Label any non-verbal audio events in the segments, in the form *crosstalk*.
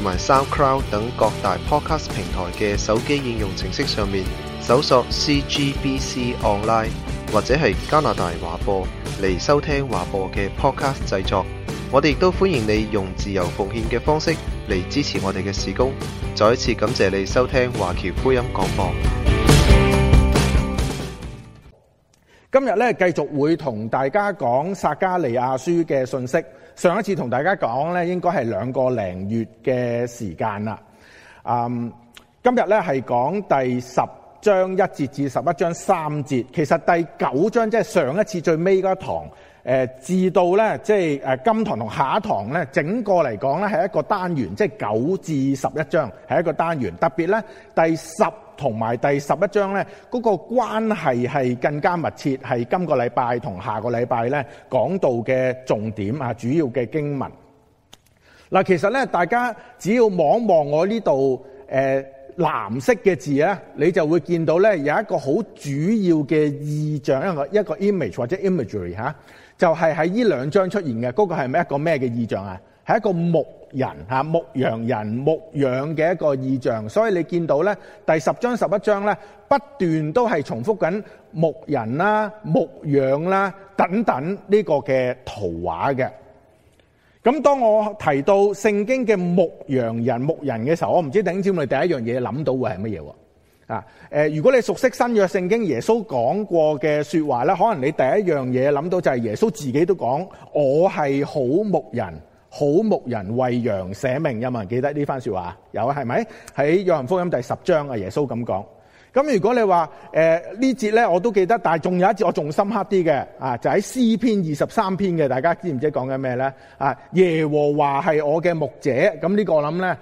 同埋 SoundCloud 等各大 Podcast 平台嘅手機應用程式上面搜索 CGBC Online 或者係加拿大華播嚟收聽華播嘅 Podcast 製作，我哋亦都歡迎你用自由奉獻嘅方式嚟支持我哋嘅事工。再一次感謝你收聽華僑福音廣播。今日咧繼續會同大家講撒迦利亞書嘅信息。上一次同大家講呢，應該係兩個零月嘅時間啦。嗯，今日呢，係講第十章一節至十一章三節。其實第九章即係、就是、上一次最尾嗰堂。誒、呃、至到咧，即係誒今堂同下一堂咧，整個嚟講咧係一個單元，即係九至十一章係一個單元。特別咧，第十同埋第十一章咧，嗰、那個關係係更加密切，係今個禮拜同下個禮拜咧講到嘅重點啊，主要嘅經文。嗱、啊，其實咧，大家只要望望我呢度誒藍色嘅字咧，你就會見到咧有一個好主要嘅意象，一個一個 image 或者 imagery 嚇就係喺呢兩章出現嘅，嗰、嗰個係咩一個咩嘅意象啊？係一個牧人吓，牧羊人、牧養嘅一個意象。所以你見到咧第十章、十一章咧不斷都係重複緊牧人啦、牧羊啦等等呢個嘅圖畫嘅。咁當我提到聖經嘅牧羊人、牧人嘅時候，我唔知頂尖我哋第一樣嘢諗到會係乜嘢？啊！誒，如果你熟悉新約聖經，耶穌講過嘅說話咧，可能你第一樣嘢諗到就係耶穌自己都講：我係好牧人，好牧人為羊捨命。」有冇人記得呢番說話？有啊，係咪喺《在約翰福音》第十章啊？耶穌咁講。咁如果你話誒、呃、呢節咧，我都記得，但仲有一節我仲深刻啲嘅啊，就喺詩篇二十三篇嘅，大家知唔知講緊咩咧？啊，耶和華係我嘅牧者，咁呢個我諗咧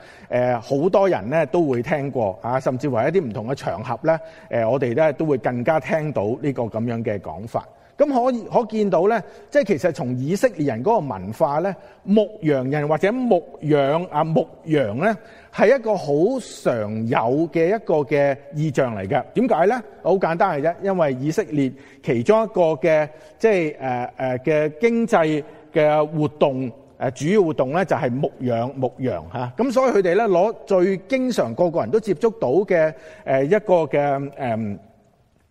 誒，好、呃、多人咧都會聽過啊，甚至為一啲唔同嘅場合咧，誒、啊、我哋咧都會更加聽到呢個咁樣嘅講法。咁可以，可見到咧，即係其實從以色列人嗰個文化咧，牧羊人或者牧羊啊，牧羊咧係一個好常有嘅一個嘅意象嚟嘅。點解咧？好簡單嘅啫，因為以色列其中一個嘅即係誒誒嘅經濟嘅活動誒主要活動咧就係牧羊牧羊嚇。咁所以佢哋咧攞最經常個個人都接觸到嘅誒一個嘅誒。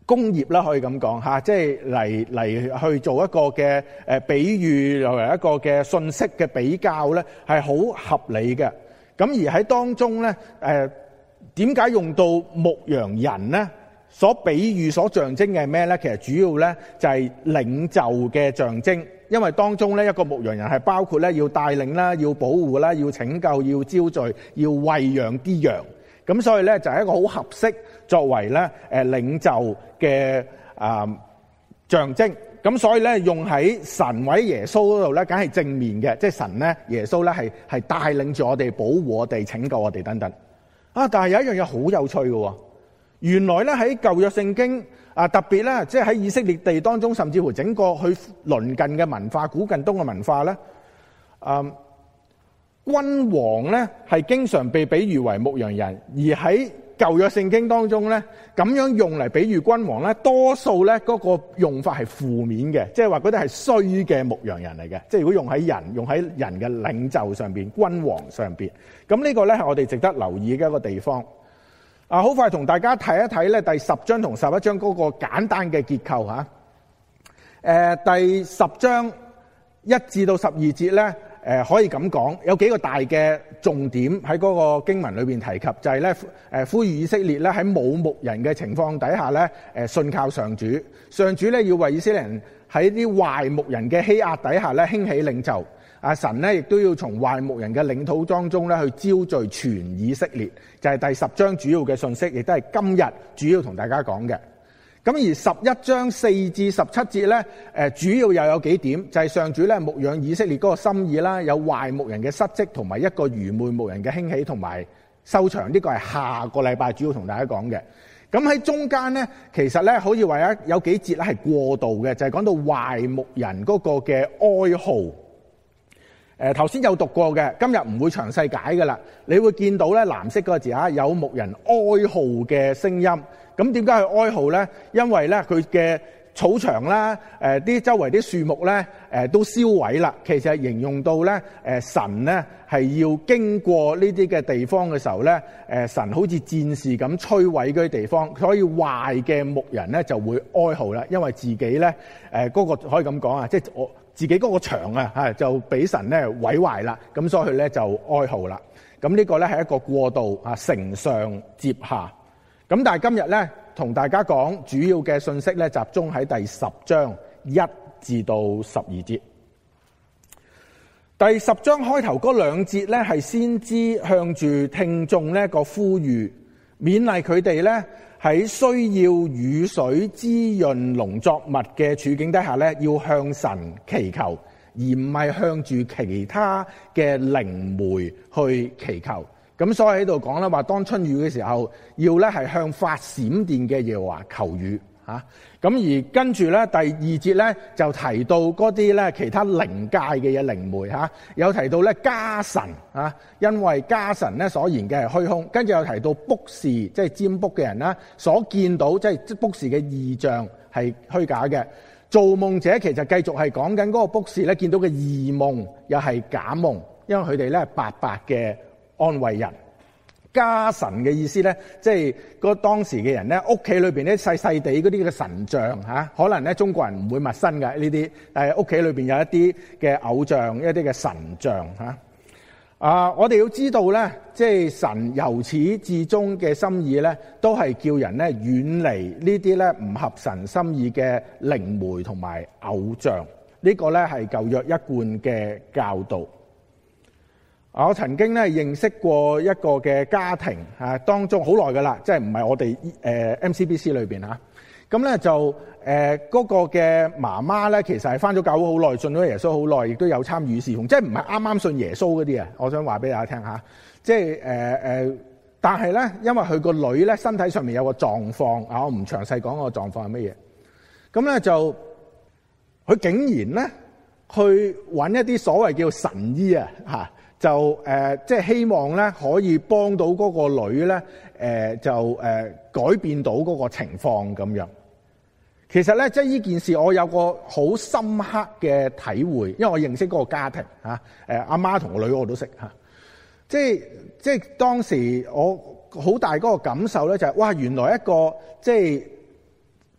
工業啦，可以咁講嚇，即係嚟嚟去做一個嘅誒比喻，作為一個嘅信息嘅比較咧，係好合理嘅。咁而喺當中咧，誒點解用到牧羊人咧？所比喻、所象徵嘅係咩咧？其實主要咧就係領袖嘅象徵，因為當中咧一個牧羊人係包括咧要帶領啦、要保護啦、要拯救、要招聚、要餵養啲羊，咁所以咧就係一個好合適。作為咧誒、呃、領袖嘅啊、呃、象徵，咁所以咧用喺神位耶穌嗰度咧，梗係正面嘅，即係神咧耶穌咧係係帶領住我哋，保護我哋，拯救我哋等等。啊，但係有一樣嘢好有趣嘅、啊，原來咧喺舊約聖經啊、呃，特別咧即係喺以色列地當中，甚至乎整個去鄰近嘅文化，古近東嘅文化咧，啊、呃、君王咧係經常被比喻為牧羊人，而喺舊約聖經當中咧，咁樣用嚟比喻君王咧，多數咧嗰個用法係負面嘅，即係話嗰啲係衰嘅牧羊人嚟嘅。即係如果用喺人、用喺人嘅領袖上面，君王上面咁，呢個咧係我哋值得留意嘅一個地方。啊，好快同大家睇一睇咧第十章同十一章嗰個簡單嘅結構下。誒，第十章一至到十二節咧，誒可以咁講，有幾個大嘅重點喺嗰個經文裏面提及，就係咧誒呼籲以色列咧喺冇牧人嘅情況底下咧，誒信靠上主，上主咧要為以色列人喺啲壞牧人嘅欺壓底下咧興起領袖，啊神咧亦都要從壞牧人嘅領土當中咧去招聚全以色列，就係第十章主要嘅信息，亦都係今日主要同大家講嘅。咁而十一章四至十七節呢，主要又有幾點，就係、是、上主呢牧養以色列嗰個心意啦，有壞牧人嘅失職同埋一個愚昧牧人嘅興起同埋收場，呢、這個係下個禮拜主要同大家講嘅。咁喺中間呢，其實呢，好似話有有幾節咧係過渡嘅，就係、是、講到壞牧人嗰個嘅哀號。頭、呃、先有讀過嘅，今日唔會詳細解噶啦，你會見到呢藍色嗰個字、啊、有牧人哀號嘅聲音。咁點解佢哀號咧？因為咧佢嘅草場啦，啲、呃、周圍啲樹木咧、呃，都燒毀啦。其實形容到咧、呃，神咧係要經過呢啲嘅地方嘅時候咧、呃，神好似戰士咁摧毀佢啲地方，所以壞嘅牧人咧就會哀號啦，因為自己咧嗰、呃那個可以咁講啊，即係我自己嗰個牆啊嚇就俾神咧毀壞啦，咁所以咧就哀號啦。咁呢個咧係一個過渡啊，承上接下。咁但係今日咧，同大家講主要嘅信息咧，集中喺第十章一至到十二節。第十章開頭嗰兩節咧，係先知向住聽眾呢個呼籲，勉勵佢哋咧喺需要雨水滋潤農作物嘅處境底下咧，要向神祈求，而唔係向住其他嘅靈媒去祈求。咁所以喺度講咧，話當春雨嘅時候，要咧係向發閃電嘅耶和華求雨吓、咁、而跟住咧，第二節咧就提到嗰啲咧其他靈界嘅嘢，靈媒、啊、有提到咧家神、啊、因為家神咧所言嘅係虛空。跟住又提到卜士，即係占卜嘅人啦，所見到即係卜士嘅異象係虛假嘅。做夢者其實繼續係講緊嗰個卜士咧見到嘅異夢又係假夢，因為佢哋咧白白嘅。安慰人，家神嘅意思咧，即係嗰當時嘅人咧，屋企裏邊咧細細哋嗰啲嘅神像吓、啊、可能咧中國人唔會陌生嘅呢啲，誒屋企裏邊有一啲嘅偶像，一啲嘅神像吓啊，啊，我哋要知道咧，即係神由始至終嘅心意咧，都係叫人咧遠離呢啲咧唔合神心意嘅靈媒同埋偶像，這個、呢個咧係舊約一貫嘅教導。我曾經咧認識過一個嘅家庭啊，當中好耐㗎喇，即係唔係我哋誒 MCBC 裏邊啊。咁咧就誒嗰、呃那個嘅媽媽咧，其實係返咗教會好耐，信咗耶穌好耐，亦都有參與事奉，即係唔係啱啱信耶穌嗰啲啊。我想話俾大家聽吓，即係誒誒，但係咧，因為佢個女咧身體上面有個狀況啊，我唔詳細講個狀況係乜嘢。咁咧就佢竟然咧去揾一啲所謂叫神醫啊吓。就誒、呃，即係希望咧，可以幫到嗰個女咧，誒、呃、就誒、呃、改變到嗰個情況咁樣。其實咧，即係呢件事，我有個好深刻嘅體會，因為我認識嗰個家庭吓，誒阿媽同個女我都識吓、啊。即係即係當時我好大嗰個感受咧、就是，就係哇，原來一個即係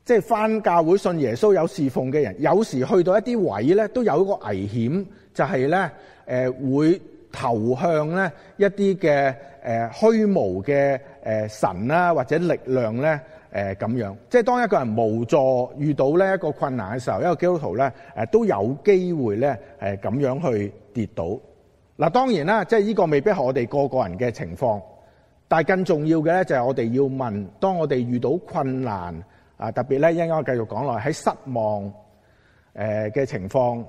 即係返教會信耶穌有侍奉嘅人，有時去到一啲位咧，都有一個危險，就係咧誒會。投向咧一啲嘅誒虛無嘅誒、呃、神啦，或者力量咧誒咁樣，即係當一個人無助遇到呢一個困難嘅時候，一個基督徒咧、呃、都有機會咧誒咁樣去跌倒。嗱、啊、當然啦，即係呢個未必係我哋個個人嘅情況，但係更重要嘅咧就係、是、我哋要問：當我哋遇到困難啊，特別咧，應該我繼續講落喺失望嘅、呃、情況，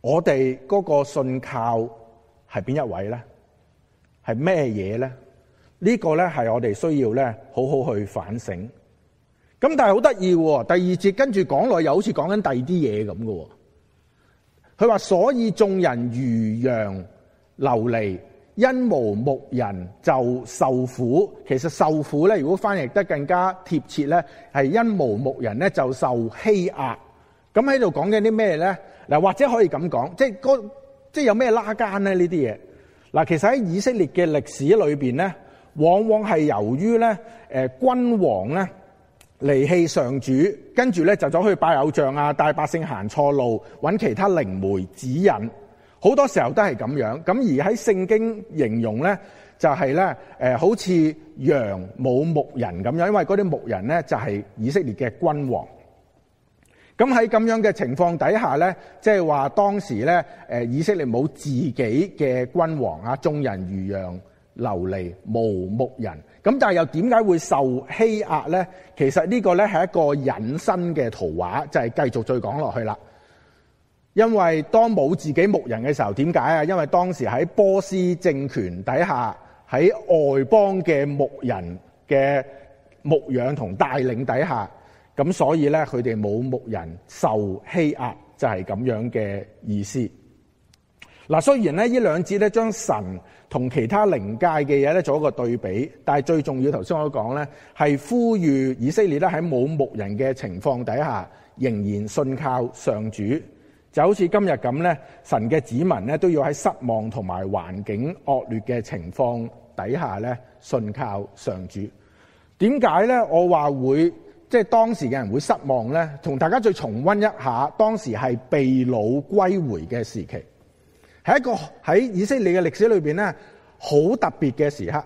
我哋嗰個信靠。係邊一位咧？係咩嘢咧？呢個咧係我哋需要咧好好去反省。咁但係好得意，第二節跟住講落又好似講緊第二啲嘢咁喎。佢話，所以眾人如羊流離，因無牧人就受苦。其實受苦咧，如果翻譯得更加貼切咧，係因無牧人咧就受欺壓。咁喺度講緊啲咩咧？嗱，或者可以咁講，即係即係有咩拉奸咧？呢啲嘢嗱，其實喺以色列嘅歷史裏邊咧，往往係由於咧，誒君王咧離棄上主，跟住咧就走去拜偶像啊，帶百姓行錯路，揾其他靈媒指引，好多時候都係咁樣。咁而喺聖經形容咧，就係咧，誒好似羊冇牧人咁樣，因為嗰啲牧人咧就係以色列嘅君王。咁喺咁樣嘅情況底下咧，即係話當時咧，誒以色列冇自己嘅君王啊，眾人如羊流離，無牧人。咁但係又點解會受欺壓咧？其實呢個咧係一個隱身嘅圖畫，就係、是、繼續再講落去啦。因為當冇自己牧人嘅時候，點解啊？因為當時喺波斯政權底下，喺外邦嘅牧人嘅牧養同帶領底下。咁所以咧，佢哋冇牧人受欺壓，就係咁樣嘅意思。嗱，雖然咧呢兩節咧將神同其他靈界嘅嘢咧做一個對比，但係最重要，頭先我講咧，係呼籲以色列咧喺冇牧人嘅情況底下，仍然信靠上主就好似今日咁咧，神嘅子民咧都要喺失望同埋環境惡劣嘅情況底下咧，信靠上主。點解咧？我話會。即係當時嘅人會失望咧，同大家再重溫一下，當時係被擄歸回嘅時期，係一個喺以色列嘅歷史裏邊咧，好特別嘅時刻。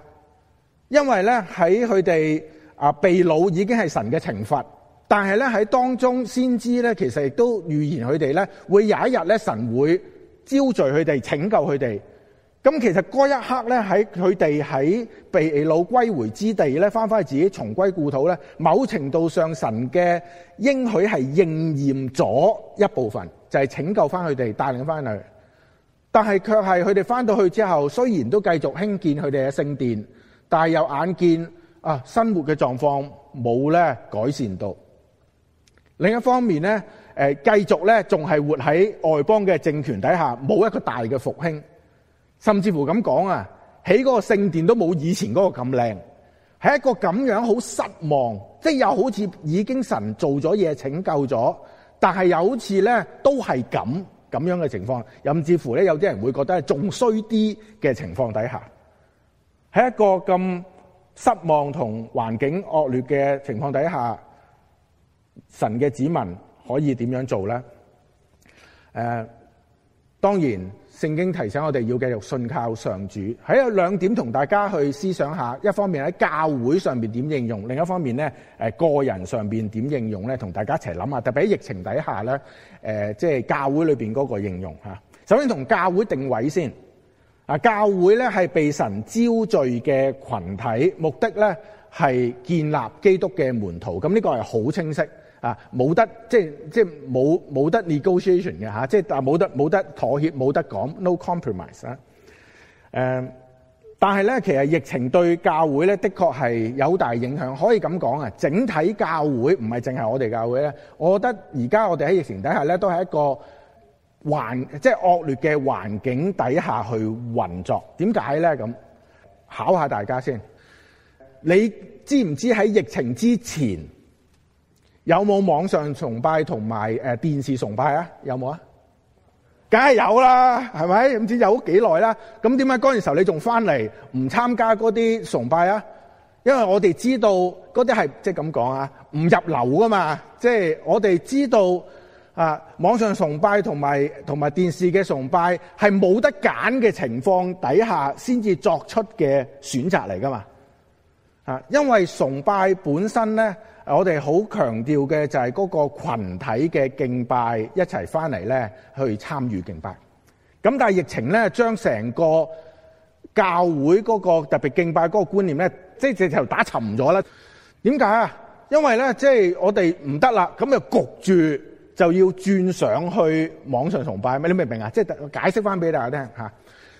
因為咧喺佢哋啊被擄已經係神嘅懲罰，但係咧喺當中先知咧其實亦都預言佢哋咧會有一日咧神會招聚佢哋，拯救佢哋。咁其實嗰一刻咧，喺佢哋喺被擄歸回之地咧，翻返去自己重歸故土咧，某程度上神嘅應許係應驗咗一部分，就係、是、拯救翻佢哋，帶領翻佢。但係卻係佢哋翻到去之後，雖然都繼續興建佢哋嘅聖殿，但係又眼見啊生活嘅狀況冇咧改善到。另一方面咧，誒、呃、繼續咧仲係活喺外邦嘅政權底下，冇一個大嘅復興。甚至乎咁講啊，起嗰個聖殿都冇以前嗰個咁靚，係一個咁樣好失望，即係又好似已經神做咗嘢，拯救咗，但係又好似咧都係咁咁樣嘅情況。甚至乎咧，有啲人會覺得係仲衰啲嘅情況底下，喺一個咁失望同環境惡劣嘅情況底下，神嘅子民可以點樣做咧？誒、呃，當然。聖經提醒我哋要繼續信靠上主，喺有兩點同大家去思想下。一方面喺教會上邊點應用，另一方面咧誒個人上邊點應用咧，同大家一齊諗下，特別喺疫情底下咧，即、呃、係、就是、教會裏面嗰個應用。首先同教會定位先，啊，教會咧係被神召聚嘅群體，目的咧係建立基督嘅門徒。咁呢個係好清晰。啊，冇得即係即係冇冇得 negotiation 嘅吓、啊，即係但冇得冇得妥協，冇得講 no compromise 啊！但係咧，其實疫情對教會咧，的確係有好大影響。可以咁講啊，整體教會唔係淨係我哋教會咧。我覺得而家我哋喺疫情底下咧，都係一個環即係惡劣嘅環境底下去運作。點解咧？咁考下大家先，你知唔知喺疫情之前，有冇網上崇拜同埋誒電視崇拜啊？有冇啊？梗係有啦，係咪？唔知有幾耐啦？咁點解嗰陣時候你仲翻嚟唔參加嗰啲崇拜啊？因為我哋知道嗰啲係即係咁講啊，唔入流噶嘛。即係我哋知道啊，網上崇拜同埋同埋電視嘅崇拜係冇得揀嘅情況底下先至作出嘅選擇嚟噶嘛。啊，因為崇拜本身咧。我哋好強調嘅就係嗰個群體嘅敬，敬拜，一齊翻嚟咧去參與敬拜。咁但係疫情咧，將成個教會嗰個特別敬拜嗰個觀念咧，即係直頭打沉咗啦。點解啊？因為咧，即係我哋唔得啦，咁就焗住就要轉上去網上崇拜咩？你明唔明啊？即係解釋翻俾大家聽吓。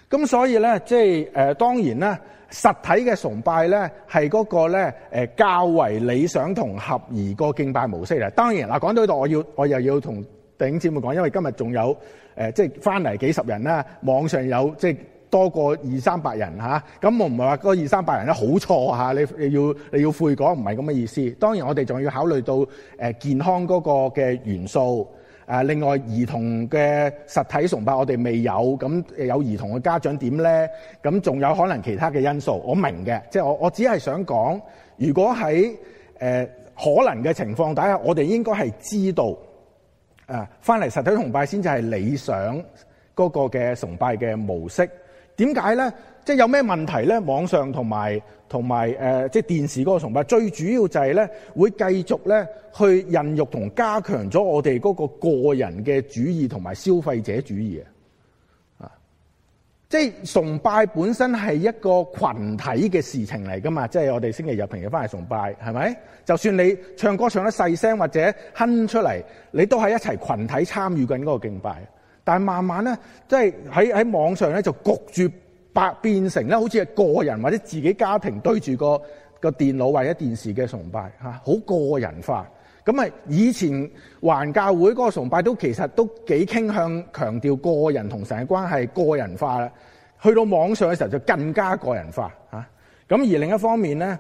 咁所以咧，即係誒、呃，當然啦。實體嘅崇拜咧，係嗰個咧，誒較為理想同合宜嘅敬拜模式嚟。當然嗱，講到呢度，我要我又要同弟兄姊妹講，因為今日仲有、呃、即係返嚟幾十人啦，網上有即係多過二三百人咁、啊、我唔係話嗰二三百人咧好錯，你你要你要悔改，唔係咁嘅意思。當然我哋仲要考慮到健康嗰個嘅元素。誒，另外兒童嘅實體崇拜我哋未有，咁有兒童嘅家長點咧？咁仲有可能其他嘅因素，我明嘅，即係我我只係想講，如果喺誒可能嘅情況底下，我哋應該係知道誒翻嚟實體崇拜先至係理想嗰個嘅崇拜嘅模式，點解咧？即係有咩問題咧？網上同埋同埋誒，即係電視嗰個崇拜，最主要就係咧會繼續咧去孕育同加強咗我哋嗰個個人嘅主義同埋消費者主義啊！啊，即係崇拜本身係一個群體嘅事情嚟㗎嘛，即係我哋星期日平日翻嚟崇拜，係咪？就算你唱歌唱得細聲或者哼出嚟，你都係一齊群體參與緊嗰個敬拜。但係慢慢咧，即係喺喺網上咧就焗住。百變成咧，好似係個人或者自己家庭對住個個電腦或者電視嘅崇拜嚇，好個人化。咁咪以前環教會嗰個崇拜都其實都幾傾向強調個人同神嘅關係，個人化啦。去到網上嘅時候就更加個人化嚇。咁而另一方面咧，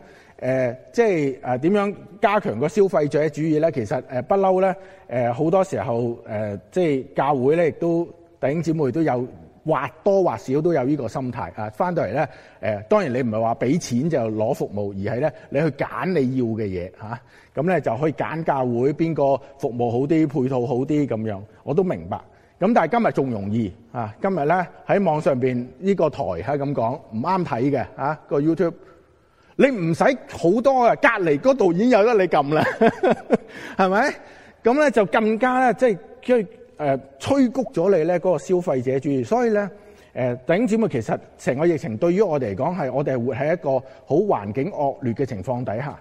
即係誒點樣加強個消費者主義咧？其實不嬲咧，好、呃、多時候即係、呃就是、教會咧，亦都弟兄姊妹都有。或多或少都有呢個心態啊！翻到嚟咧、呃，當然你唔係話俾錢就攞服務，而係咧你去揀你要嘅嘢吓，咁咧就可以揀教會邊個服務好啲、配套好啲咁樣。我都明白。咁但係今日仲容易啊！今日咧喺網上邊呢個台係咁講唔啱睇嘅個 YouTube，你唔使好多嘅，隔離嗰導演有得你撳啦，係 *laughs* 咪？咁咧就更加咧即係即係。就是誒吹谷咗你咧個消費者主義。所以咧誒、呃、弟兄姊妹，其實成個疫情對於我哋嚟講係，我哋係活喺一個好環境惡劣嘅情況底下。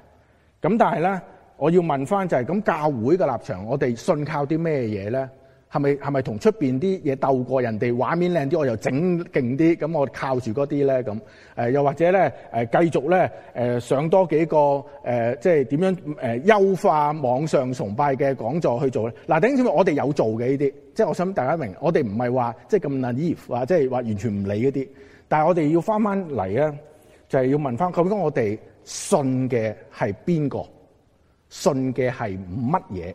咁但係咧，我要問翻就係、是、咁，教會嘅立場，我哋信靠啲咩嘢咧？係咪，係咪同出面啲嘢鬥過，人哋畫面靚啲，我又整勁啲，咁我靠住嗰啲咧咁？又或者咧誒繼續咧、呃、上多幾個、呃、即係點樣誒優、呃、化網上崇拜嘅講座去做咧？嗱、啊，頂少我哋有做嘅呢啲，即係我想大家明，我哋唔係話即係咁難以，啊，即係話完全唔理嗰啲，但係我哋要翻翻嚟咧，就係、是、要問翻究竟我哋信嘅係邊個，信嘅係乜嘢？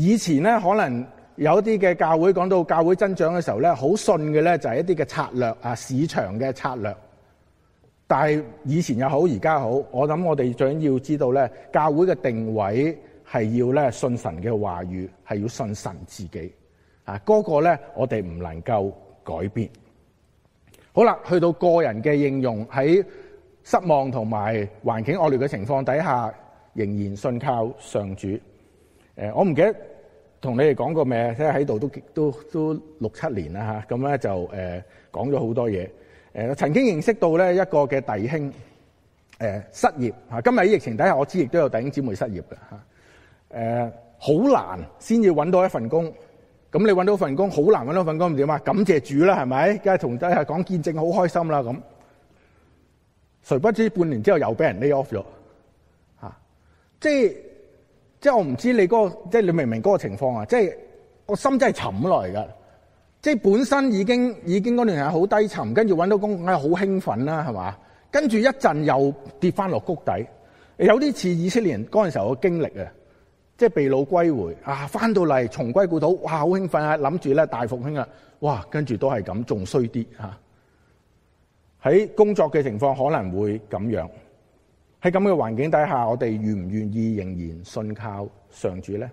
以前咧，可能有啲嘅教會講到教會增長嘅時候咧，好信嘅咧就係一啲嘅策略啊，市場嘅策略。但係以前又好，而家好，我諗我哋最緊要知道咧，教會嘅定位係要咧信神嘅話語，係要信神自己。啊，嗰個咧我哋唔能夠改變。好啦，去到個人嘅應用喺失望同埋環境惡劣嘅情況底下，仍然信靠上主。誒，我唔記得。同你哋講過咩？即係喺度都都都六七年啦嚇，咁、啊、咧就誒、呃、講咗好多嘢。誒、呃、曾經認識到咧一個嘅弟兄誒、呃、失業嚇、啊，今日喺疫情底下，我知亦都有弟兄姊妹失業嘅嚇。誒、啊、好、啊、難先要揾到一份工，咁你揾到一份工，好難揾到份工，唔點啊？感謝主啦，係咪？梗係同大家講見證，好開心啦咁。誰不知半年之後又俾人 lay off 咗嚇、啊，即係。即係我唔知你嗰、那個，即係你明唔明嗰個情況啊？即係我心真係沉落嚟噶，即係本身已經已經嗰段係好低沉，跟住搵到工梗係好興奮啦、啊，係嘛？跟住一陣又跌翻落谷底，有啲似以色列人嗰陣時候嘅經歷啊！即係被擄歸回啊，翻到嚟重歸故土，哇，好興奮啊！諗住咧大復興啊，哇，跟住都係咁，仲衰啲吓。喺、啊、工作嘅情況可能會咁樣。喺咁嘅環境底下，我哋願唔願意仍然信靠上主咧？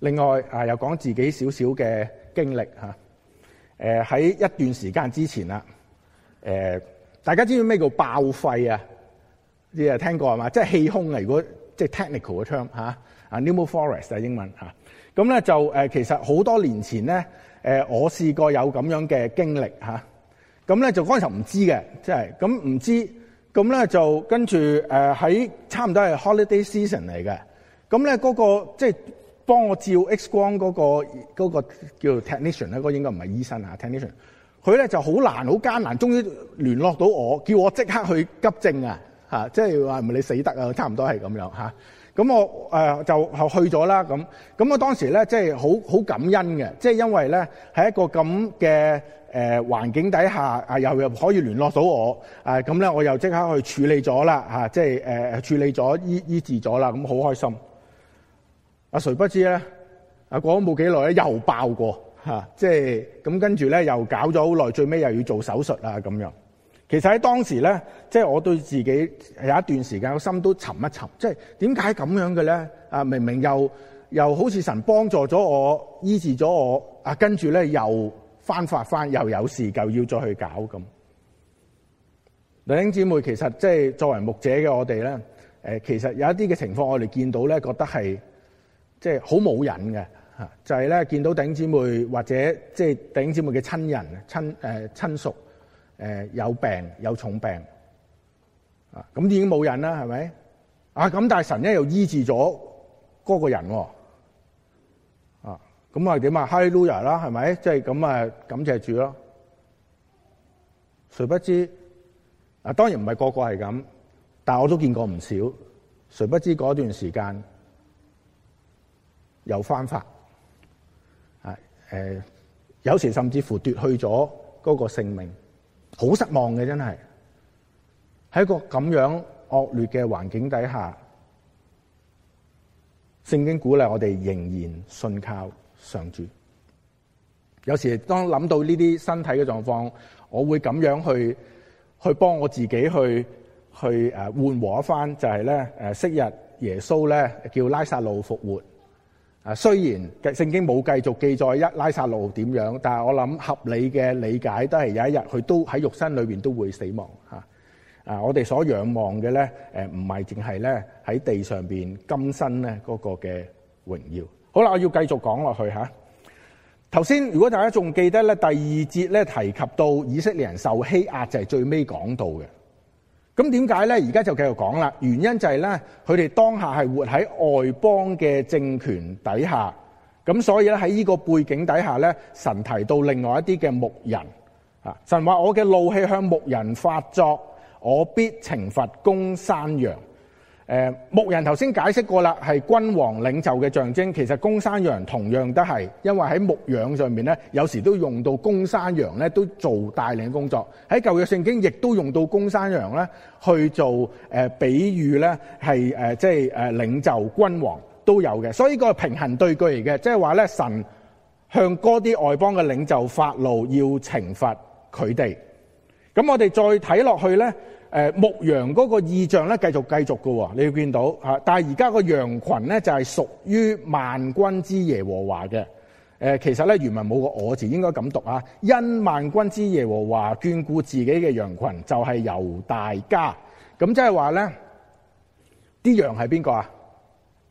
另外啊，又講自己少少嘅經歷嚇。誒、啊、喺、呃、一段時間之前啦，誒、啊、大家知道咩叫爆肺啊？你啊聽過係嘛？即係氣胸嚟、啊、如果即係 technical 嘅 term 啊，nemo forest 啊係英文嚇。咁、啊、咧就誒、啊，其實好多年前咧，誒、啊、我試過有咁樣嘅經歷嚇。咁、啊、咧就嗰陣時唔知嘅，即係咁唔知道。咁咧就跟住誒喺差唔多係 holiday season 嚟嘅。咁咧嗰個即係幫我照 X 光嗰個，嗰個叫 technician 咧，嗰應該唔係醫生啊，technician 佢咧就好難好艱難，終於聯絡到我，叫我即刻去急症啊！啊，即係話唔係你死得啊，差唔多係咁樣嚇。咁我誒就去咗啦。咁咁我當時咧，即係好好感恩嘅，即係因為咧喺一個咁嘅誒環境底下，啊又又可以聯絡到我，啊咁咧我又即刻去處理咗啦、啊，即係誒、呃、處理咗醫醫治咗啦，咁好開心。啊，誰不知咧？啊過咗冇幾耐咧，又爆過、啊、即係咁跟住咧又搞咗好耐，最尾又要做手術啦咁樣。其實喺當時咧，即係我對自己有一段時間，我心都沉一沉，即係點解咁樣嘅咧？啊，明明又又好似神幫助咗我，醫治咗我，啊，跟住咧又翻發翻，又有事就要再去搞咁。弟兄姊妹，其實即係作為牧者嘅我哋咧，誒，其實有一啲嘅情況我哋見到咧，覺得係即係好冇癮嘅吓，就係咧見到弟兄姊妹或者即係弟兄姊妹嘅親人、親誒親屬。呃誒、呃、有病有重病啊，咁已經冇人啦，係咪？啊咁，但係神呢又醫治咗嗰個人喎，啊，啊咁係點啊？哈利路亞啦，係咪？即係咁啊，感謝主咯！誰不知啊？當然唔係個個係咁，但我都見過唔少。誰不知嗰段時間有翻發，啊呃，有時甚至乎奪去咗嗰個性命。好失望嘅真係，喺一個咁樣惡劣嘅環境底下，聖經鼓勵我哋仍然信靠上主。有時當諗到呢啲身體嘅狀況，我會咁樣去去幫我自己去去誒緩和一番，就係咧誒昔日耶穌咧叫拉撒路復活。啊，雖然聖經冇繼續記載一拉撒路點樣，但係我諗合理嘅理解都係有一日佢都喺肉身裏邊都會死亡嚇。啊，我哋所仰望嘅咧，誒唔係淨係咧喺地上邊今生咧嗰個嘅榮耀。好啦，我要繼續講落去嚇。頭、啊、先如果大家仲記得咧，第二節咧提及到以色列人受欺壓就係、是、最尾講到嘅。咁點解呢？而家就繼續講啦。原因就係呢：佢哋當下係活喺外邦嘅政權底下，咁所以咧喺呢個背景底下呢，神提到另外一啲嘅牧人啊，神話我嘅怒氣向牧人發作，我必懲罰公山羊。誒、呃，牧人頭先解釋過啦，係君王領袖嘅象徵。其實公山羊同樣都係，因為喺牧羊上面咧，有時都用到公山羊咧，都做帶領工作。喺舊約聖經亦都用到公山羊咧去做誒、呃、比喻咧，係誒即係誒領袖君王都有嘅。所以個平衡對句嚟嘅，即係話咧，神向嗰啲外邦嘅領袖發怒，要懲罰佢哋。咁我哋再睇落去咧。誒、呃，牧羊嗰個意象咧，繼續繼續喎、哦。你要見到吓、啊。但係而家個羊群咧，就係屬於萬軍之耶和華嘅。誒、啊，其實咧原文冇個我字，應該咁讀啊。因萬軍之耶和華眷顧自己嘅羊群，就係、是、猶大家。咁即係話咧，啲羊係邊個啊？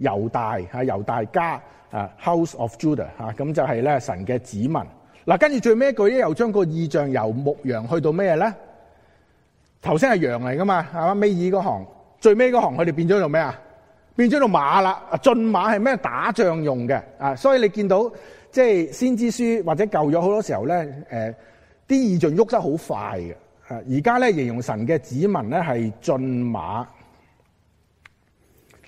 猶大吓、猶、啊、大家啊，House of Judah 吓、啊，咁就係咧神嘅子民。嗱、啊，跟住最尾一句，又將個意象由牧羊去到咩咧？頭先係羊嚟噶嘛，係嘛？尾二嗰行、最尾嗰行，佢哋變咗做咩啊？變咗做馬啦！駿馬係咩打仗用嘅啊？所以你見到即係先知書或者舊約好多時候咧，誒、呃，啲意象喐得好快嘅。而家咧形容神嘅指紋咧係駿馬。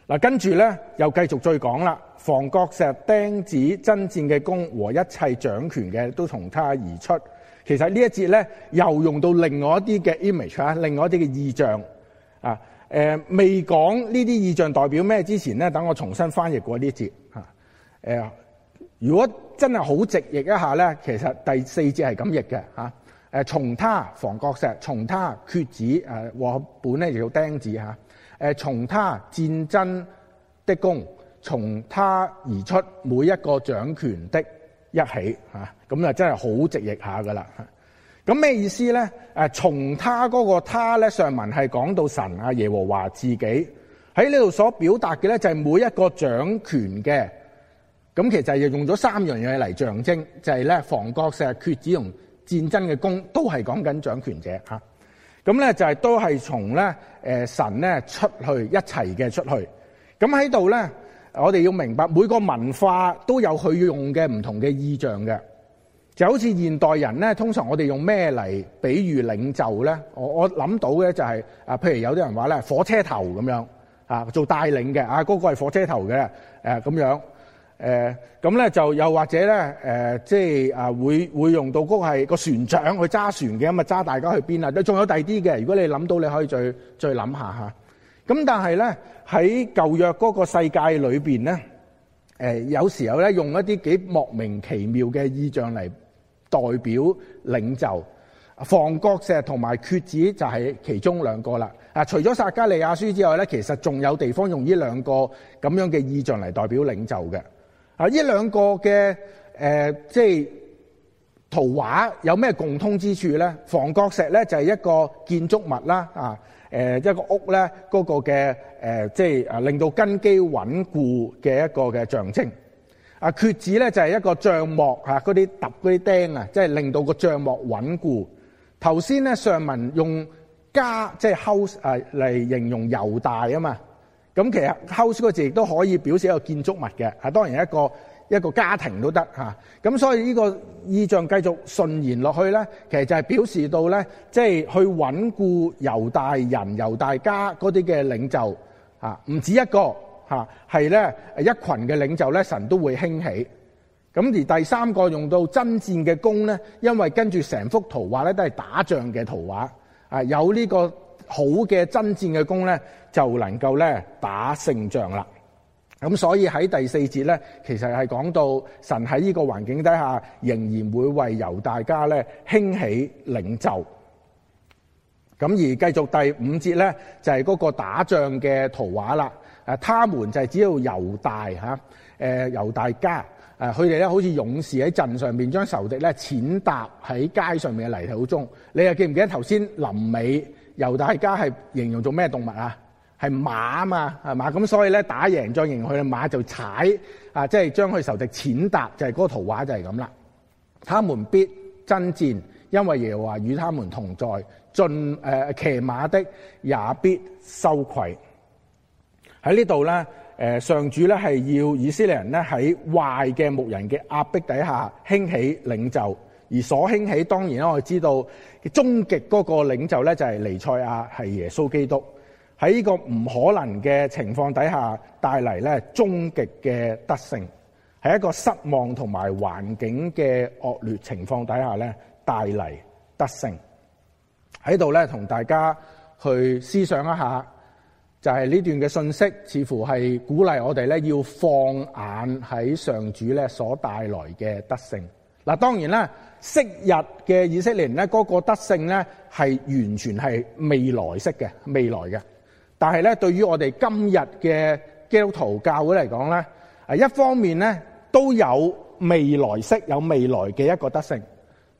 嗱，跟住咧又繼續再講啦。房角石釘子爭戰嘅弓和一切掌權嘅都從他而出。其實呢一節咧，又用到另外一啲嘅 image 啊，另外一啲嘅意象啊。未講呢啲意象代表咩之前咧，等我重新翻譯過呢一節、啊、如果真係好直譯一下咧，其實第四節係咁譯嘅、啊、從他房角石，從他橛子誒，和、啊、本咧就叫釘子、啊、從他戰爭的弓，從他而出每一個掌權的。一起咁就真係好直譯下噶啦。咁咩意思咧？從他嗰個他咧，上文係講到神啊，耶和華自己喺呢度所表達嘅咧，就係每一個掌權嘅。咁其實就用咗三樣嘢嚟象徵，就係、是、咧，房角石、橛子同戰爭嘅弓，都係講緊掌權者。咁咧就係都係從咧、呃、神咧出去一齊嘅出去。咁喺度咧。我哋要明白每個文化都有佢要用嘅唔同嘅意象嘅，就好似現代人咧，通常我哋用咩嚟比喻領袖咧？我我諗到嘅就係啊，譬如有啲人話咧，火車頭咁樣啊，做帶領嘅啊，嗰個係火車頭嘅，誒咁樣誒，咁咧就又或者咧誒，即係啊會會用到嗰係個船長去揸船嘅咁啊，揸大家去邊啊？仲有第二啲嘅，如果你諗到，你可以再再諗下嚇。咁但係咧喺舊約嗰個世界裏面咧，呃，有時候咧用一啲幾莫名其妙嘅意象嚟代表領袖，防國石同埋決子就係其中兩個啦。啊，除咗撒加利亞書之外咧，其實仲有地方用呢兩個咁樣嘅意象嚟代表領袖嘅。啊，呢兩個嘅、呃、即係圖畫有咩共通之處咧？防國石咧就係、是、一個建築物啦，啊。誒、呃、一個屋咧，嗰、那個嘅誒，即係啊，令到根基穩固嘅一個嘅象徵。啊，橛子咧就係、是、一個帳幕啊，嗰啲揼嗰啲釘啊，即、就、係、是、令到個帳幕穩固。頭先咧，上文用家即係、就是、house 啊嚟形容猶大啊嘛。咁其實 house 個字亦都可以表示一個建築物嘅，係、啊、當然一個，一個家庭都得，咁所以呢個意象繼續順延落去呢，其實就係表示到呢，即係去穩固猶大人、猶大家嗰啲嘅領袖嚇，唔止一個嚇，係呢一群嘅領袖呢，神都會興起。咁而第三個用到爭戰嘅弓呢，因為跟住成幅圖畫呢，都係打仗嘅圖畫，啊有呢個好嘅爭戰嘅弓呢，就能夠呢打勝仗啦。咁所以喺第四節咧，其實係講到神喺呢個環境底下，仍然會為猶大家咧興起領袖。咁而繼續第五節咧，就係嗰個打仗嘅圖畫啦。誒，他們就係指到猶大吓誒猶大家誒，佢哋咧好似勇士喺陣上面將仇敵咧踐踏喺街上面嘅泥土中。你又記唔記得頭先臨尾猶大家係形容做咩動物啊？係馬嘛，係嘛？咁所以咧，打贏再贏佢嘅馬就踩啊！即係將佢仇敵踐踏，就係、是、嗰個圖畫就係咁啦。他們必爭戰，因為耶和華與他們同在。進誒、呃、騎馬的也必羞愧。喺呢度咧、呃，上主咧係要以色列人咧喺壞嘅牧人嘅壓迫底下興起領袖，而所興起當然啦，我哋知道嘅終極嗰個領袖咧就係、是、彌賽亞，係耶穌基督。喺呢個唔可能嘅情況底下，帶嚟咧終極嘅得勝，喺一個失望同埋環境嘅惡劣情況底下咧，帶嚟得勝。喺度咧同大家去思想一下，就係、是、呢段嘅信息，似乎係鼓勵我哋咧要放眼喺上主咧所帶來嘅得勝。嗱，當然啦，昔日嘅以色列人咧嗰個得勝咧係完全係未來式嘅，未來嘅。但係咧，對於我哋今日嘅基督徒教會嚟講咧，誒一方面咧都有未來式，有未來嘅一個得勝。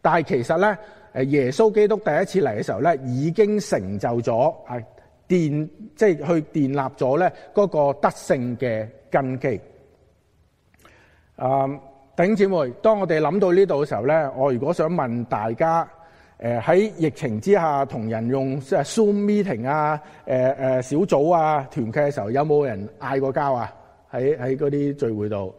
但係其實咧，誒耶穌基督第一次嚟嘅時候咧，已經成就咗誒奠，即係、就是、去奠立咗咧嗰個得勝嘅根基。誒、嗯、頂姐妹，當我哋諗到呢度嘅時候咧，我如果想問大家。誒、呃、喺疫情之下同人用即係 Zoom meeting 啊，誒、呃呃、小組啊團契嘅時候，有冇人嗌過交啊？喺喺嗰啲聚會度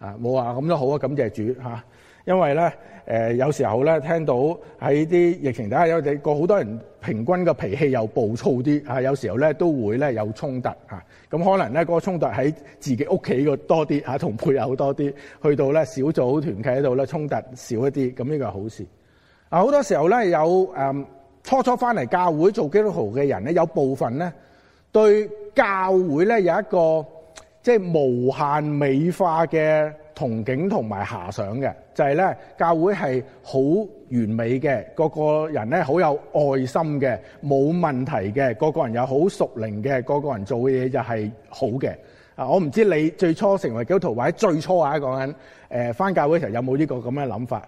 啊，冇啊，咁都好啊，感謝主、啊、因為咧誒、呃、有時候咧聽到喺啲疫情底下有你個好多人平均嘅脾氣又暴躁啲、啊、有時候咧都會咧有衝突咁、啊、可能咧嗰、嗰個衝突喺自己屋企個多啲同配偶多啲，去到咧小組團契喺度咧衝突少一啲，咁呢個係好事。啊，好多時候咧，有誒初初翻嚟教會做基督徒嘅人咧，有部分咧對教會咧有一個即係無限美化嘅憧憬同埋遐想嘅，就係咧教會係好完美嘅，個個人咧好有愛心嘅，冇問題嘅，個個人又好熟靈嘅，個個人做嘅嘢就係好嘅。啊，我唔知你最初成為基督徒或者最初啊講緊誒翻教會嘅時候有冇呢個咁嘅諗法？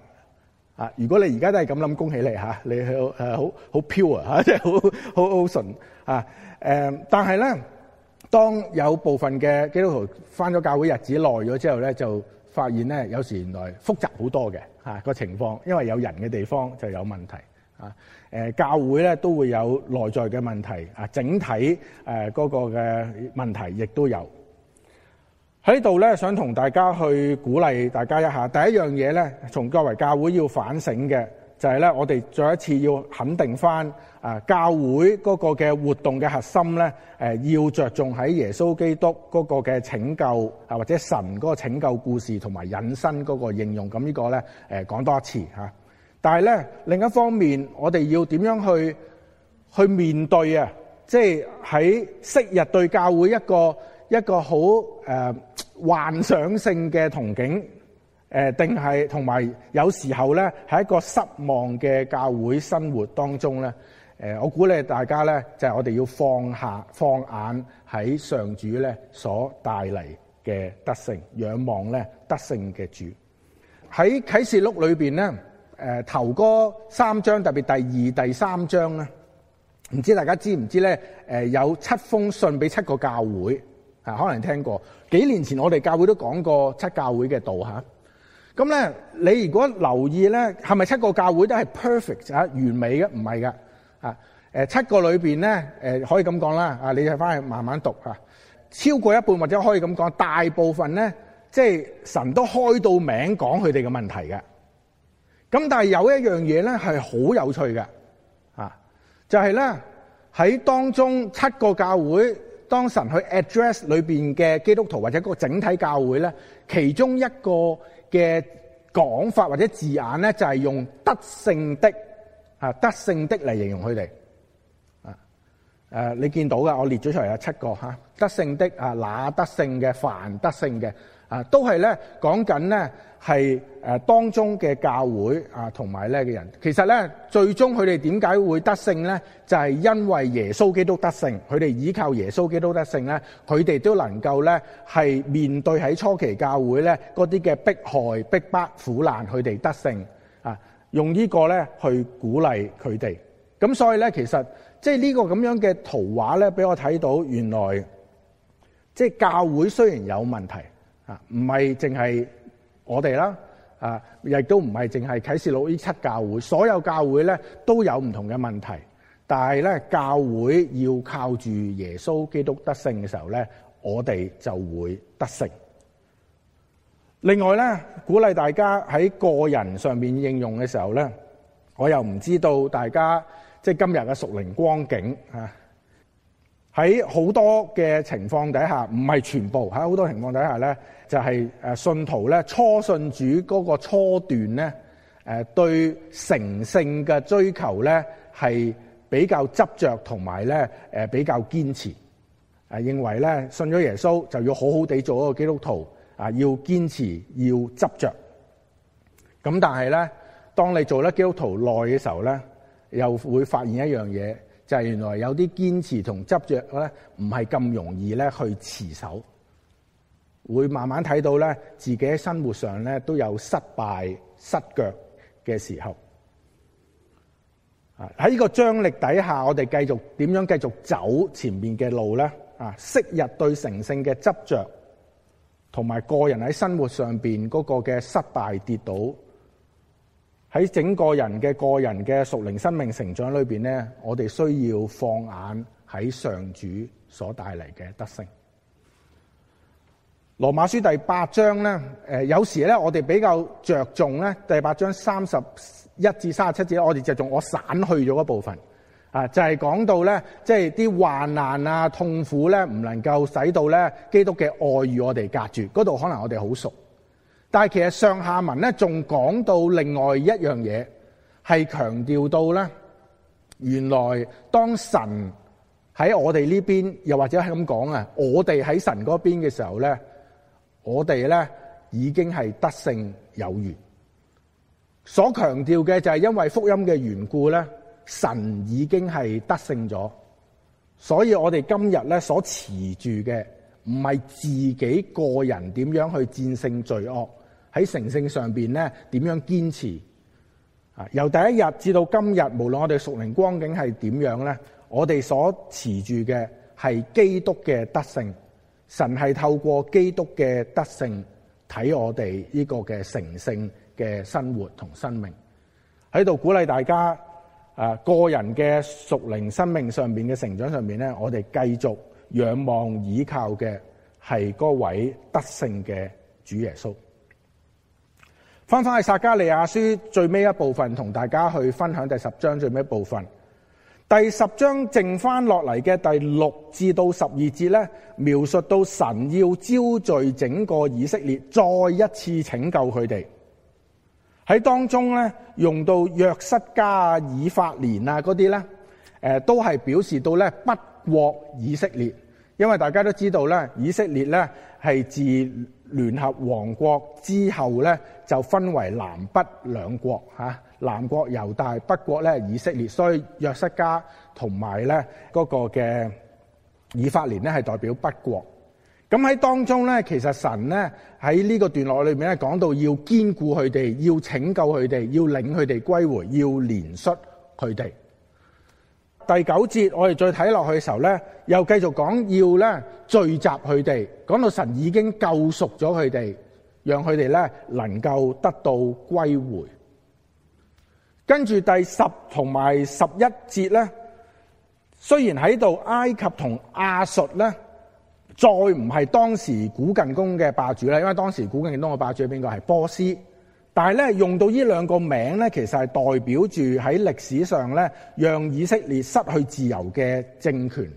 啊！如果你而家都係咁諗，恭喜你，你係好好 pure 啊，即係好好好純啊！誒，但係咧，當有部分嘅基督徒返咗教會日子耐咗之後咧，就發現咧，有時原來複雜好多嘅嚇個情況，因為有人嘅地方就有問題啊！教會咧都會有內在嘅問題啊，整體嗰個嘅問題亦都有。喺度咧，想同大家去鼓勵大家一下。第一樣嘢咧，從作為教會要反省嘅，就係、是、咧，我哋再一次要肯定翻啊，教會嗰個嘅活動嘅核心咧，誒、呃，要着重喺耶穌基督嗰個嘅拯救啊，或者神嗰個拯救故事同埋引申嗰個應用。咁、這個、呢個咧，誒、呃，講多一次吓、啊。但係咧，另一方面，我哋要點樣去去面對啊？即係喺昔日對教會一個一個好誒。呃幻想性嘅憧憬，誒、呃、定係同埋有時候咧，喺一個失望嘅教會生活當中咧。誒、呃，我鼓勵大家咧就係、是、我哋要放下放眼喺上主咧所帶嚟嘅德性，仰望咧德性嘅主。喺啟示錄裏邊咧，誒、呃、頭嗰三章特別第二、第三章咧，唔知大家知唔知咧？誒、呃、有七封信俾七個教會。可能聽過幾年前我哋教會都講過七教會嘅道嚇。咁咧，你如果留意咧，係咪七個教會都係 perfect 啊，完美嘅？唔係㗎，七個裏面咧，可以咁講啦。啊，你就翻去慢慢讀。超過一半或者可以咁講，大部分咧，即係神都開到名講佢哋嘅問題嘅。咁但係有一樣嘢咧係好有趣嘅，啊就係咧喺當中七個教會。當神去 address 裏面嘅基督徒或者個整體教會咧，其中一個嘅講法或者字眼咧，就係、是、用德性的啊，德性的嚟形容佢哋啊。誒，你見到嘅，我列咗出嚟有七個嚇、啊，德性的啊，乸德性嘅，凡德性嘅。啊，都係咧講緊咧係誒當中嘅教會啊，同埋咧嘅人。其實咧最終佢哋點解會得勝咧？就係因為耶穌基督得勝，佢哋依靠耶穌基督得勝咧，佢哋都能夠咧係面對喺初期教會咧嗰啲嘅迫害、迫不苦難，佢哋得勝啊，用呢個咧去鼓勵佢哋。咁所以咧，其實即係呢個咁樣嘅圖畫咧，俾我睇到，原來即係教會雖然有問題。啊，唔係淨係我哋啦，啊，亦都唔係淨係啟示錄呢七教會，所有教會咧都有唔同嘅問題，但係咧教會要靠住耶穌基督得勝嘅時候咧，我哋就會得勝。另外咧，鼓勵大家喺個人上面應用嘅時候咧，我又唔知道大家即係今日嘅屬靈光景啊。喺好多嘅情況底下，唔係全部喺好多情況底下咧。就係誒，信徒咧初信主嗰個初段咧，誒對成聖嘅追求咧係比較執着同埋咧，誒比較堅持，啊認為咧信咗耶穌就要好好地做一個基督徒，啊要堅持，要執着。咁但係咧，當你做咗基督徒耐嘅時候咧，又會發現一樣嘢，就係、是、原來有啲堅持同執着咧，唔係咁容易咧去持守。會慢慢睇到咧，自己喺生活上咧都有失敗、失腳嘅時候。啊，喺呢個張力底下，我哋繼續點樣繼續走前面嘅路咧？啊，昔日對成聖嘅執着，同埋個人喺生活上邊嗰個嘅失敗跌倒，喺整個人嘅個人嘅屬靈生命成長裏邊咧，我哋需要放眼喺上主所帶嚟嘅得勝。羅馬書第八章咧，誒，有時咧我哋比較着重咧第八章三十一至三十七節，我哋着重我散去咗嗰部分，啊、就是，就係講到咧，即係啲患難啊、痛苦咧，唔能夠使到咧基督嘅愛與我哋隔住。嗰度可能我哋好熟，但係其實上下文咧仲講到另外一樣嘢，係強調到咧，原來當神喺我哋呢邊，又或者係咁講啊，我哋喺神嗰邊嘅時候咧。我哋咧已經係得勝有餘，所強調嘅就係因為福音嘅緣故咧，神已經係得勝咗，所以我哋今日咧所持住嘅唔係自己個人點樣去戰勝罪惡，喺成聖上邊咧點樣堅持啊？由第一日至到今日，無論我哋屬靈光景係點樣咧，我哋所持住嘅係基督嘅得勝。神係透過基督嘅德性睇我哋呢個嘅成聖嘅生活同生命，喺度鼓勵大家啊，個人嘅屬靈生命上面嘅成長上面，咧，我哋繼續仰望倚靠嘅係嗰位德性嘅主耶穌。翻返去撒迦利亞書最尾一部分，同大家去分享第十章最尾部分。第十章剩翻落嚟嘅第六至到十二節咧，描述到神要招聚整個以色列，再一次拯救佢哋。喺當中咧，用到約瑟家、以法蓮啊嗰啲咧，誒、呃，都係表示到咧北國以色列，因為大家都知道咧，以色列咧係自聯合王國之後咧就分為南北兩國吓。南國猶大，北國咧以色列，所以約瑟家同埋咧嗰個嘅以法蓮呢係代表北國。咁喺當中咧，其實神咧喺呢個段落裏面咧講到要堅固佢哋，要拯救佢哋，要領佢哋歸回，要連率佢哋。第九節我哋再睇落去嘅時候咧，又繼續講要咧聚集佢哋，講到神已經救贖咗佢哋，讓佢哋咧能夠得到歸回。跟住第十同埋十一節呢，雖然喺度埃及同亞述呢，再唔係當時古近東嘅霸主啦，因為當時古近東嘅霸主係邊個？係波斯。但係呢，用到呢兩個名呢，其實係代表住喺歷史上呢，讓以色列失去自由嘅政權。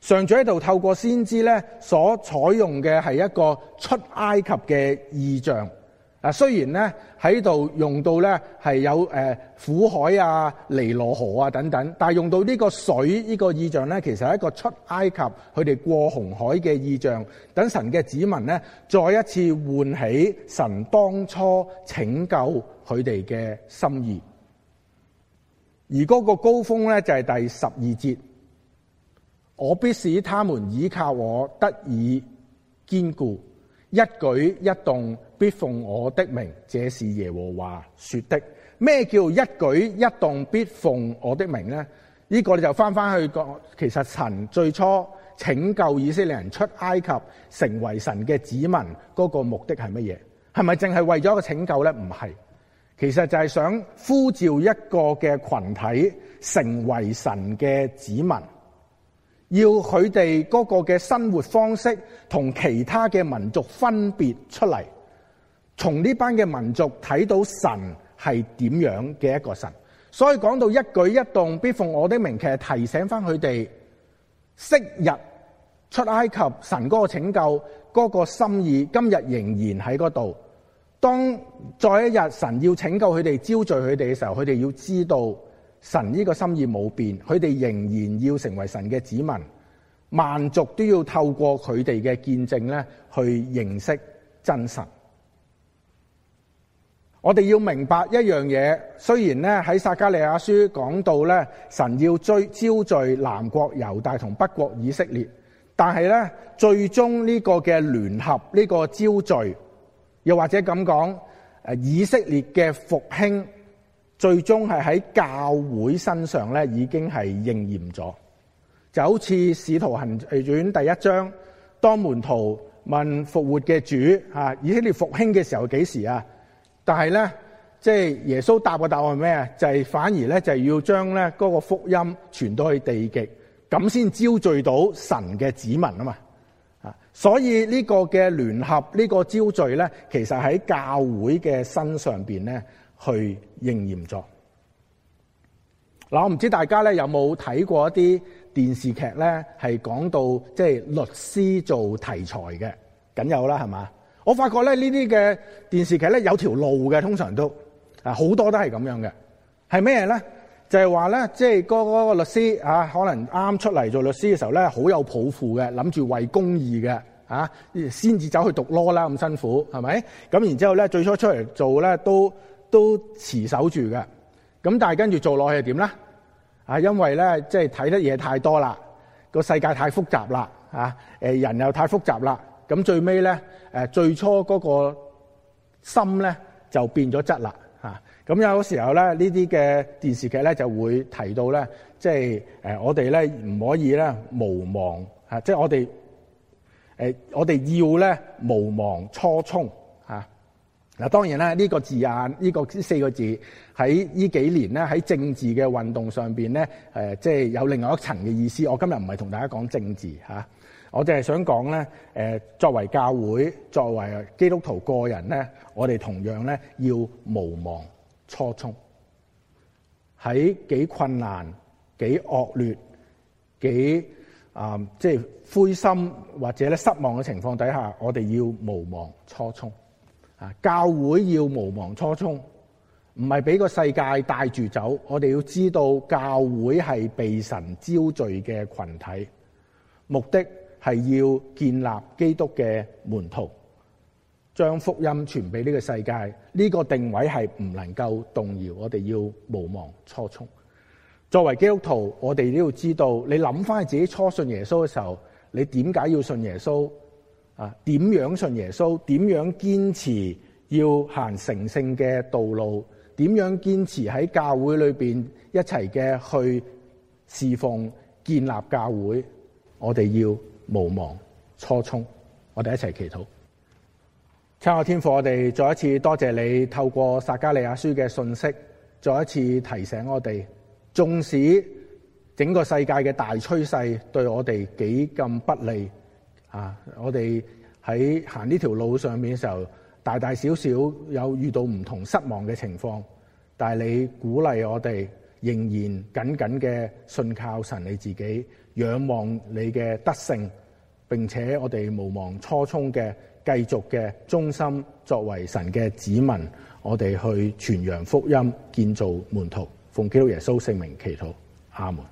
上主喺度透過先知呢所採用嘅係一個出埃及嘅意象。嗱，雖然咧喺度用到咧係有誒苦、呃、海啊、尼羅河啊等等，但係用到呢個水呢個意象咧，其實係一個出埃及佢哋過紅海嘅意象，等神嘅子民咧再一次喚起神當初拯救佢哋嘅心意。而嗰個高峰咧就係、是、第十二節，我必使他們倚靠我得以堅固。一舉一動必奉我的名，這是耶和華說的。咩叫一舉一動必奉我的名呢？呢、呢個你就翻翻去講，其實神最初拯救以色列人出埃及，成為神嘅子民，嗰個目的係乜嘢？係咪淨係為咗一個拯救呢？唔係，其實就係想呼召一個嘅群體成為神嘅子民。要佢哋嗰個嘅生活方式同其他嘅民族分別出嚟，從呢班嘅民族睇到神係點樣嘅一個神。所以講到一舉一動必奉我的名，其實提醒翻佢哋，昔日出埃及神嗰個拯救嗰個心意，今日仍然喺嗰度。當再一日神要拯救佢哋，招聚佢哋嘅時候，佢哋要知道。神呢個心意冇變，佢哋仍然要成為神嘅子民，萬族都要透過佢哋嘅見證咧，去認識真神。我哋要明白一樣嘢，雖然咧喺撒迦利亞書講到咧，神要追招聚南國猶大同北國以色列，但係咧最終呢個嘅聯合呢個招聚，又或者咁講誒，以色列嘅復興。最終係喺教會身上咧，已經係應驗咗，就好似使徒行傳第一章，當門徒問復活嘅主嚇，以色列復興嘅時候幾時啊？但係咧，即、就、係、是、耶穌答嘅答案係咩啊？就係、是、反而咧，就係要將咧嗰個福音傳到去地極，咁先招聚到神嘅子民啊嘛。啊，所以呢個嘅聯合，這個、呢個招聚咧，其實喺教會嘅身上邊咧。去應驗咗嗱，我唔知大家咧有冇睇過一啲電視劇咧，係講到即係律師做題材嘅，梗有啦，係嘛？我發覺咧呢啲嘅電視劇咧有條路嘅，通常都啊好多都係咁樣嘅，係咩咧？就係話咧，即係個個律師啊，可能啱出嚟做律師嘅時候咧，好有抱負嘅，諗住為公義嘅啊，先至走去讀 law 啦，咁辛苦係咪？咁然之後咧，最初出嚟做咧都，都持守住嘅，咁但係跟住做落去係點咧？啊，因為咧，即係睇得嘢太多啦，個世界太複雜啦，吓，誒，人又太複雜啦，咁、啊、最尾咧，誒、啊，最初嗰個心咧就變咗質啦，吓、啊，咁有時候咧，呢啲嘅電視劇咧就會提到咧，即係誒，我哋咧唔可以咧毋忘，即係、啊就是、我哋，誒、呃，我哋要咧毋忘初衷。嗱，當然啦，呢、這個字眼，呢、這個呢四個字喺呢幾年咧，喺政治嘅運動上面咧，即、呃、係、就是、有另外一層嘅意思。我今日唔係同大家講政治、啊、我哋係想講咧、呃，作為教會，作為基督徒個人咧，我哋同樣咧要無忘初衷。喺幾困難、幾惡劣、幾啊，即、呃、係、就是、灰心或者咧失望嘅情況底下，我哋要無忘初衷。啊！教會要無忘初衷，唔係俾個世界帶住走。我哋要知道教會係被神招聚嘅群體，目的係要建立基督嘅門徒，將福音傳俾呢個世界。呢個定位係唔能夠動搖。我哋要無忘初衷。作為基督徒，我哋都要知道，你諗翻自己初信耶穌嘅時候，你點解要信耶穌？啊！點樣信耶穌？點樣堅持要行成聖嘅道路？點樣堅持喺教會裏面一齊嘅去侍奉、建立教會？我哋要無忘初衷，我哋一齊祈禱。親愛天父，我，我哋再一次多謝你，透過撒迦利亞書嘅信息，再一次提醒我哋，縱使整個世界嘅大趨勢對我哋幾咁不利。啊！我哋喺行呢條路上面嘅時候，大大小小有遇到唔同失望嘅情況，但係你鼓勵我哋，仍然緊緊嘅信靠神你自己，仰望你嘅德性，並且我哋無忘初衷嘅繼續嘅忠心，作為神嘅子民，我哋去傳揚福音，建造門徒，奉基督耶穌聖名祈禱，阿門。